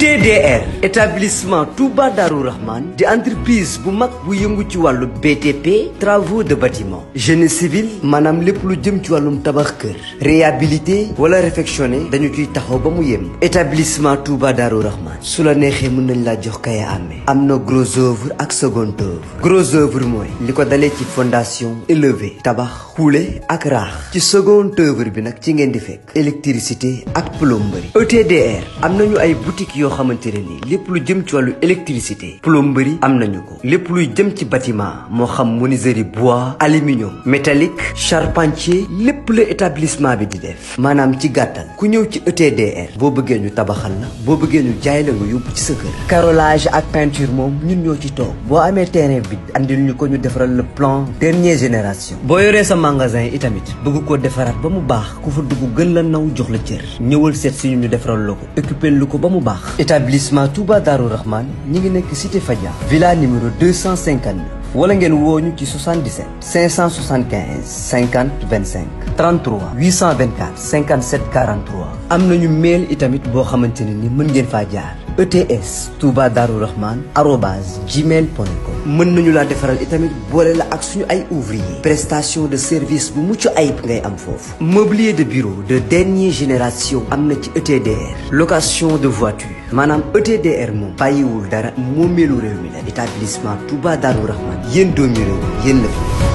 TDR, établissement Touba Darou Rahman di entreprise Boumak mag bu BTP travaux de bâtiment génie civil manam lépp lu jëm ci réhabilité wala réfectionné dañu ciy taxaw établissement Touba Darou Rahman Soulane la neige mën nañ jox am gros œuvre ak second œuvre gros œuvre moi li ci fondation élevé tabac xuule ak raax ci second œuvre bi électricité ak plomberie ETDR amno nous ay boutique yoo plus lepp lu jëm ci walu électricité plomberie am nañu ko lepp luy jëm ci bâtiment moo xam menuiserie bois aluminium métallique charpentier lepp la établissement bi di def maanaam ci gàttal ku ñëw ci ETDR boo bëggee ñu tabaxal la boo bëggee ñu jaay la nga yóbbu ci sa carrelage ak peinture moom ñun ñoo ci toog boo amee terrain bi andil ñu ko ñu defaral le plan dernière génération boo yoree sa magasin itamit bëgg koo defaraat ba mu baax ku fa dugg gën la naw jox la cër ñëwal seet si ñu defaral la ko occupé lu ko ba mu baax établissement Touba Darou Rahman ñi ngi nekk cité Fadia villa numéro 259 wala ngeen wooñu ci 77 575 50 25 33 824 57 43 am nañu mail itamit boo xamante ne ni mën ngeen faa jaar ETS Touba Darou Rahman gmail.com mën nañu la defaral itamit boole la ak suñu ay ouvrier prestation de service bu mucc ayib ngay am mobilier de bureau de dernière génération am ETDR location de voiture maanaam ETDR moom bàyyiwul dara moomeelu réew mi la établissement Touba Darou Rahman yéen doomi